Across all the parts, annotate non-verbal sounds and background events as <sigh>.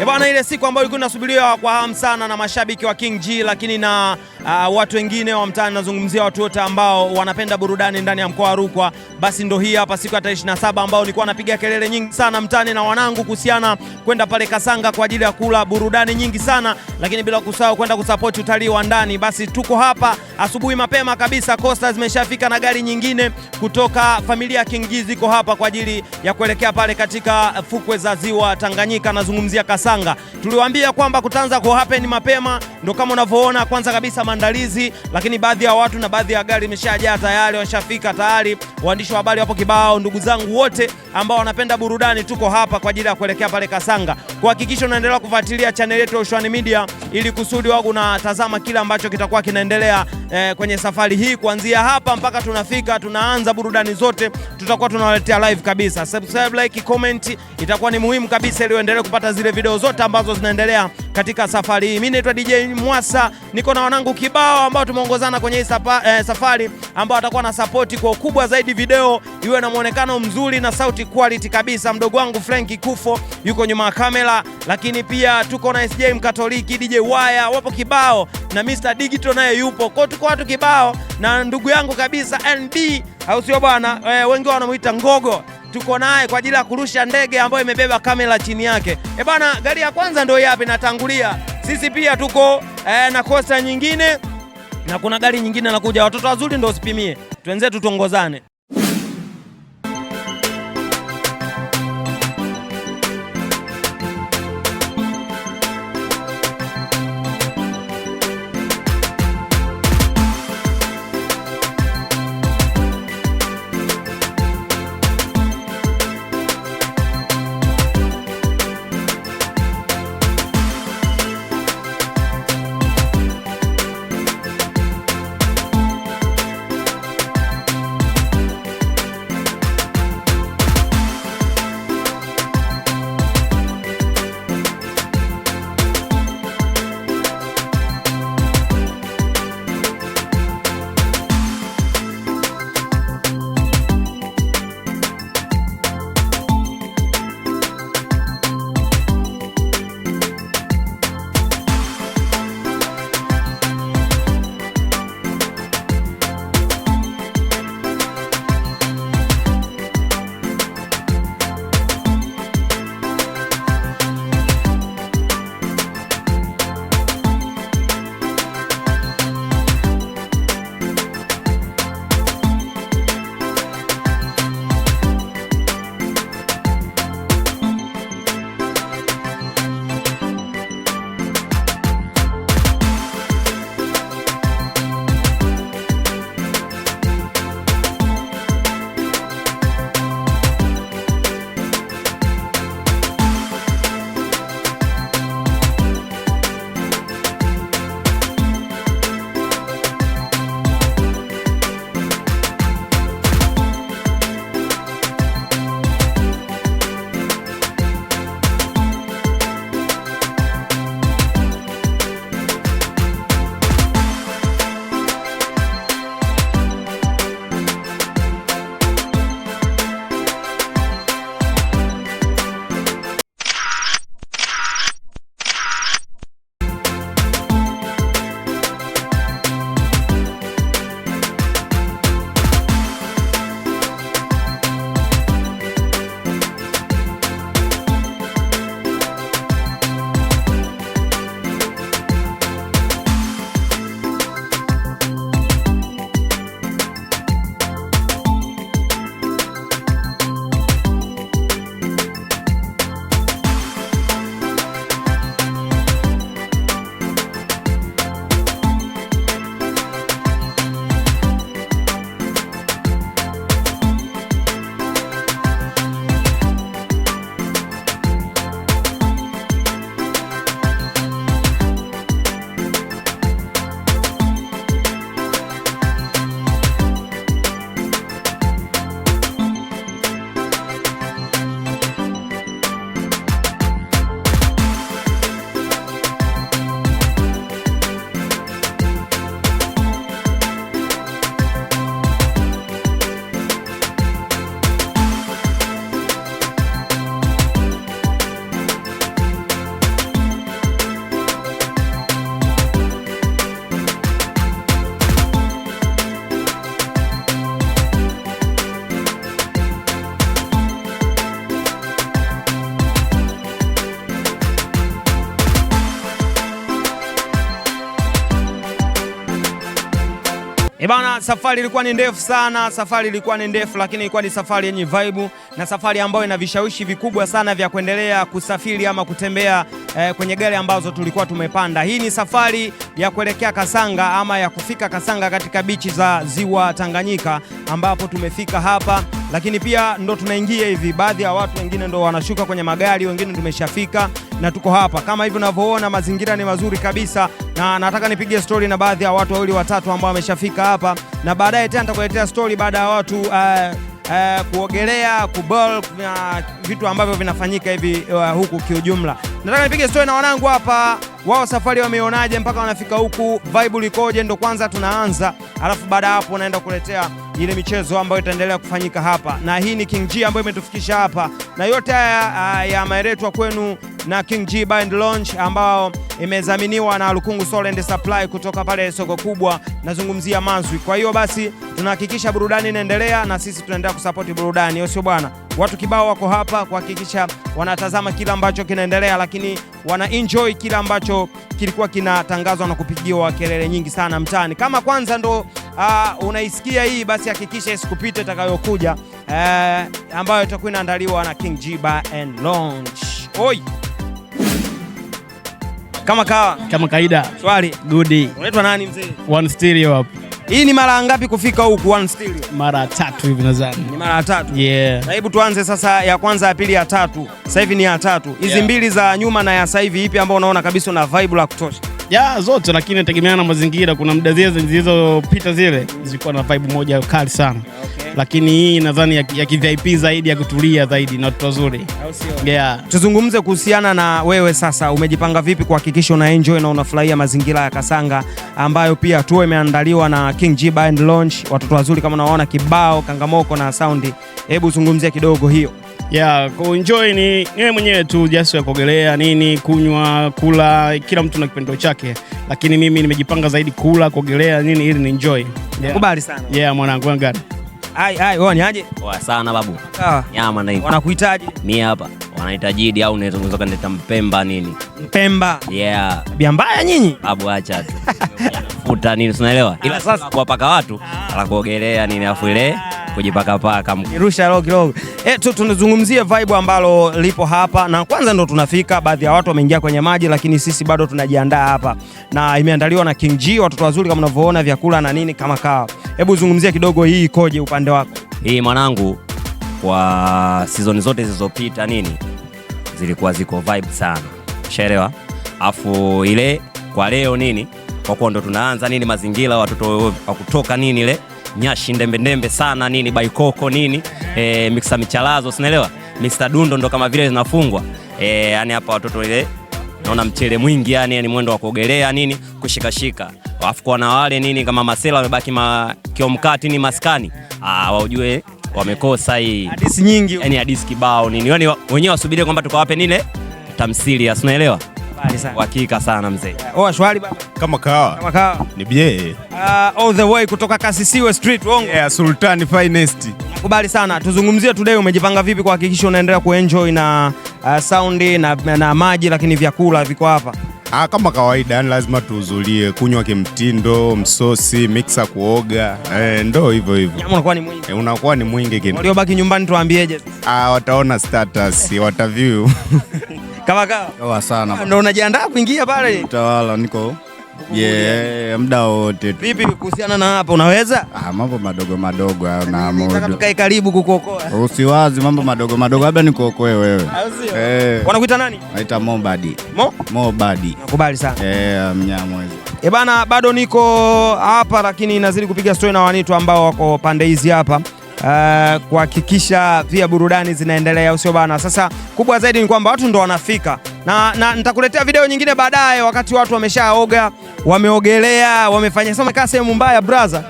Ebana, ile siku ambayo ilikuwa inasubiriwa kwa hamu sana na mashabiki wa King G, lakini na uh, watu wengine wa mtaani, nazungumzia watu wote ambao wanapenda burudani ndani ya mkoa wa Rukwa, basi ndo hii hapa siku ya tarehe ambao nilikuwa napiga kelele nyingi sana mtaani na wanangu kuhusiana kwenda pale Kasanga kwa ajili ya kula burudani nyingi sana, lakini bila kusahau kwenda kusupport utalii wa ndani. Basi tuko hapa asubuhi mapema kabisa, Costa zimeshafika na gari nyingine kutoka familia ya Kingizi ziko hapa kwa ajili ya kuelekea pale katika fukwe za ziwa Tanganyika, nazungumzia Kasanga. Tuliwaambia kwamba kutaanza ku happen mapema, ndo kama unavyoona kwanza kabisa maandalizi, lakini baadhi ya watu na baadhi ya gari imeshajaa tayari, washafika tayari. Waandishi wa habari wapo kibao. Ndugu zangu wote ambao wanapenda burudani, tuko hapa kwa ajili ya kuelekea pale Kasanga. Kuhakikisha unaendelea kufuatilia channel yetu ya Ushuani Media ili kusudi wako unatazama kile ambacho kitakuwa kinaendelea eh, kwenye safari hii kuanzia hapa mpaka tunafika tunaanza burudani zote, tutakuwa tunawaletea live kabisa. Subscribe, like, comment itakuwa ni muhimu kabisa ili uendelee kupata zile video zote ambazo zinaendelea katika safari hii. Mimi naitwa DJ Mwasa, niko na wanangu kibao ambao tumeongozana kwenye hii eh, safari ambao watakuwa na support kwa ukubwa zaidi, video iwe na muonekano mzuri na sauti quality kabisa. Mdogo wangu Frank Kufo yuko nyuma ya kamera, lakini pia tuko na SJ Mkatoliki, DJ Waya wapo kibao na Mr Digital naye yupo kwao, tuko watu kibao na ndugu yangu kabisa NB, au sio bwana? Eh, wengi wanamuita Ngogo tuko naye kwa ajili ya kurusha ndege ambayo imebeba kamera chini yake. E bana, gari ya kwanza ndio yapi natangulia. Sisi pia tuko e, na kosa nyingine na kuna gari nyingine nakuja. Watoto wazuri ndio usipimie, twenzetu tuongozane. ebana eh safari ilikuwa ni ndefu sana, safari ilikuwa ni ndefu, lakini ilikuwa ni safari yenye vibe na safari ambayo ina vishawishi vikubwa sana vya kuendelea kusafiri ama kutembea eh, kwenye gari ambazo tulikuwa tumepanda. Hii ni safari ya kuelekea Kasanga ama ya kufika Kasanga katika bichi za ziwa Tanganyika, ambapo tumefika hapa, lakini pia ndo tunaingia hivi. Baadhi ya watu wengine ndo wanashuka kwenye magari, wengine tumeshafika na tuko hapa kama hivyo unavyoona, mazingira ni mazuri kabisa, na nataka nipige stori na baadhi ya watu wawili watatu ambao wameshafika hapa, na baadaye tena nitakuletea stori baada ya watu uh, Uh, kuogelea kubol na uh, vitu ambavyo vinafanyika hivi uh, huku kiujumla. Nataka nipige story na wanangu hapa wao safari wameonaje mpaka wanafika huku, vibe likoje? Ndo kwanza tunaanza, alafu baada ya hapo naenda kuletea ile michezo ambayo itaendelea kufanyika hapa, na hii ni King G ambayo imetufikisha hapa, na yote haya ah, yameletwa kwenu na King G Bind Launch ambao imezaminiwa na Lukungu Soul and Supply kutoka pale soko kubwa, nazungumzia mazwi Kwa hiyo basi tunahakikisha burudani inaendelea na sisi tunaendelea kusapoti burudani, sio bwana? Watu kibao wako hapa kuhakikisha wanatazama kila ambacho kinaendelea, lakini wana enjoy kila ambacho kilikuwa kinatangazwa na kupigiwa kelele nyingi sana mtaani. Kama kwanza ndo uh, unaisikia hii, basi hakikisha isikupite itakayokuja, uh, ambayo itakuwa inaandaliwa na King Jiba and Launch. Oi! Kama kawa. Kama kaida. Swali. Good. Unaitwa nani mzee? One Stereo hapo. Hii ni mara ngapi kufika huku One Stereo? Mara tatu hivi nadhani. Ni mara tatu. Yeah. Na hebu tuanze sasa ya kwanza ya pili ya tatu. Sasa hivi ni ya tatu. Hizi yeah, mbili za nyuma na ya sasa hivi ipi ambayo unaona kabisa una vibe la kutosha? ya zote, lakini inategemeana na mazingira. Kuna muda zile zilizopita zile zilikuwa na vibe moja kali sana okay. Lakini hii nadhani ya, ya zaidi ya kutulia zaidi na watu wazuri yeah. Tuzungumze kuhusiana na wewe sasa, umejipanga vipi kuhakikisha una enjoy na unafurahia mazingira ya Kasanga ambayo pia tu imeandaliwa na King G and watoto wazuri kama unaona kibao kangamoko na saundi. Hebu zungumzia kidogo hiyo ya kuenjoy ni niwe mwenyewe tu jasi ya kuogelea nini, kunywa, kula, kila mtu na kipendo chake, lakini mimi nimejipanga zaidi kula, kuogelea nini ili ni enjoy. Nakubali sana. Yeah, mwanangu wangu. Ai ai, wewe ni aje? Poa sana babu. Sawa. Nyama na hivi. Wanakuhitaji? Mimi hapa. Wanahitaji idi au unaweza ndeta Mpemba nini? Mpemba. Yeah. biambaya mbaya nyinyi? Babu acha tu. Futa nini, unaelewa? Ila ah. sasa kuwapaka watu, ala ah. kuogelea nini afu ile kujipakapaka kirusha roho kidogo. Eh, tunazungumzia vibe ambalo lipo hapa, na kwanza ndo tunafika, baadhi ya watu wameingia kwenye maji, lakini sisi bado tunajiandaa hapa, na imeandaliwa na King G, watoto wazuri kama unavyoona, vyakula na nini kama kawa. Hebu zungumzia kidogo, hii ikoje upande wako? Hii mwanangu, kwa season zote zilizopita nini zilikuwa ziko vibe sana, ushaelewa. Afu ile kwa leo nini, kwa kuwa ndo tunaanza nini, mazingira watoto wa kutoka nini le nyashi ndembendembe sana nini baikoko nini e, mixer michalazo sinaelewa mixer dundo ndo kama vile zinafungwa e, yani hapa watoto ile naona mchele mwingi yani, yani mwendo wa kuogelea nini kushikashika, alafu kwa na wale nini kama masela wamebaki ma kiomkati ni maskani ah, waujue wamekosa hii hadithi nyingi, yani hadithi kibao nini, yani wenyewe wasubiri kwamba tukawape nile tamthilia, sinaelewa Hakika sana mzee. Oh, shwari baba. Kama kawa. Kama kawa. Ni bie. Uh, all the way kutoka Kasisiwe Street, Wongo. Yeah, Sultan Finest. Nakubali sana. Tuzungumzie today umejipanga vipi kuhakikisha unaendelea kuenjoy na uh, sound na, na maji lakini vyakula viko hapa. Ah, kama kawaida yani lazima tuhudhurie kunywa kimtindo, msosi, mixer kuoga. Eh, ndo hivyo hivyo. Jamaa unakuwa ni mwingi. E, unakuwa ni mwingi kini. Waliobaki nyumbani tuambieje? Ah, wataona status, wataview. <laughs> Kama kawa. sana. Ndio unajiandaa kuingia pale? Utawala niko. Yeah, muda wote. Vipi kuhusiana na hapa unaweza? Ah, mambo madogo madogo hayo na modo. tukae karibu kukuokoa. Usiwazi mambo madogo madogo, labda nikuokoe wewe. Ah, eh. Wanakuita nani? Naita Mobadi. Mo? Mobadi. Nakubali sana. Eh, mnyamwezi. Eh, bana bado niko hapa lakini nazidi kupiga story na wanitu ambao wako pande hizi hapa uh, kuhakikisha pia burudani zinaendelea, usio bana. Sasa kubwa zaidi ni kwamba watu ndo wanafika na, na nitakuletea video nyingine baadaye, wakati watu wameshaoga, wameogelea, wamefanya sasa. Kaa sehemu mbaya braza,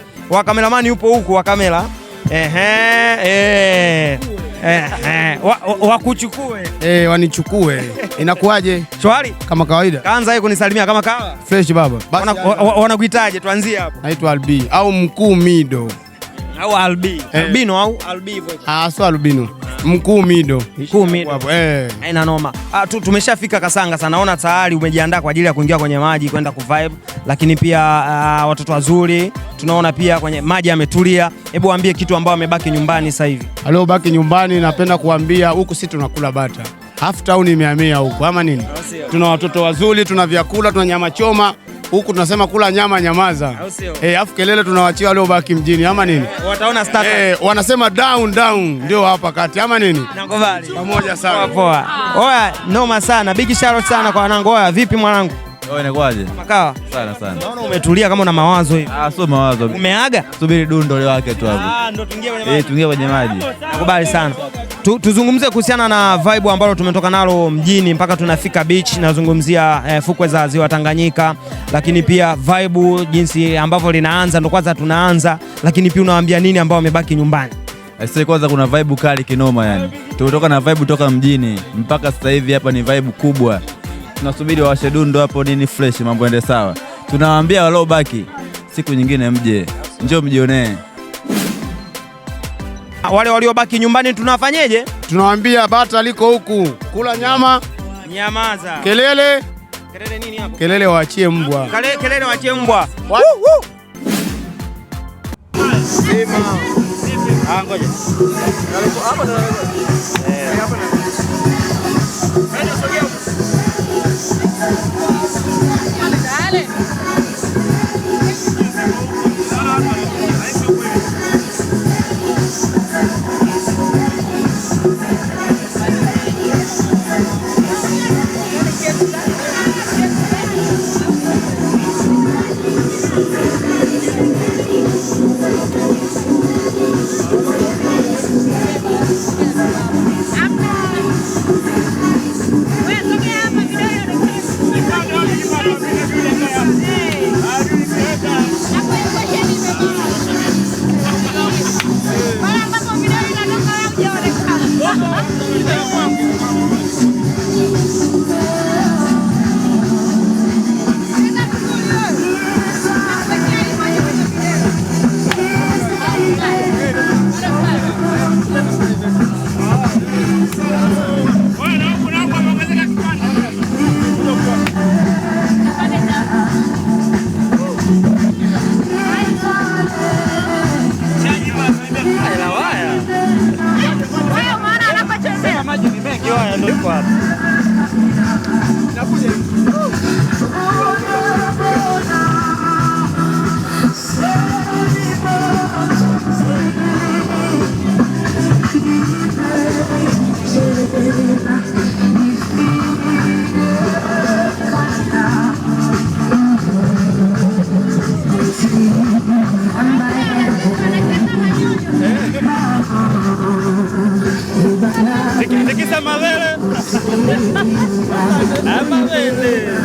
kameramani yupo huku wakamera ehe, eh. ehe. wakuchukue eh. wa, wa wanichukue inakuwaje? Shwari kama kawaida. Kaanza kunisalimia kama kawa fresh baba. Wanakuitaje? Wana tuanzie hapo. Naitwa Albi au mkuu Mido au albi eh. albino au albivo ah, sio albino mkuu mido mkuu mido hapo eh, haina noma. Ah, tu, tumeshafika Kasanga sana, naona tayari umejiandaa kwa ajili ya kuingia kwenye maji kwenda vibe, lakini pia ah, watoto wazuri tunaona pia kwenye maji ametulia Hebu waambie kitu ambao amebaki nyumbani sasa hivi. baki nyumbani, napenda kuambia huku si tunakula bata, half town imehamia huku ama nini? Tuna watoto wazuri, tuna vyakula, tuna nyama choma huku tunasema kula nyama nyamaza, eh, afu kelele tunawachia waliobaki mjini ama nini? Wataona status. Eh, wanasema down down ndio hapa kati ama nini? Nakubali. Pamoja sana. Poa. Oya, noma sana. Big shout out sana kwa wanangu. Oya, vipi mwanangu? Inakuaje? Makawa. Sana sana. Naona umetulia kama una mawazo hivi. Ah, sio mawazo. Umeaga? Subiri dundo lake tu hapo. Ah, ndio tuingie eh, kwenye maji. Nakubali sana tu, tuzungumze kuhusiana na vibe ambalo tumetoka nalo mjini mpaka tunafika beach. Nazungumzia eh, fukwe za ziwa Tanganyika, lakini pia vibe jinsi ambavyo linaanza, ndo kwanza tunaanza, lakini pia unawaambia nini ambao wamebaki nyumbani? Eh, sasa kwanza kuna vibe kali kinoma, yani tumetoka na vibe toka mjini mpaka sasa hivi hapa ni vibe kubwa. Tunasubiri wawashe dundo hapo nini fresh, mambo ende sawa. Tunawaambia waliobaki siku nyingine mje, njoo mjionee. Ah, wale waliobaki nyumbani tunafanyeje? Tunawaambia bata liko huku, kula nyama, nyamaza. Kelele kelele nini hapo? Kelele waachie mbwa, Kale, kelele waachie mbwa. Sema ah, ngoja. Eh. Amazing.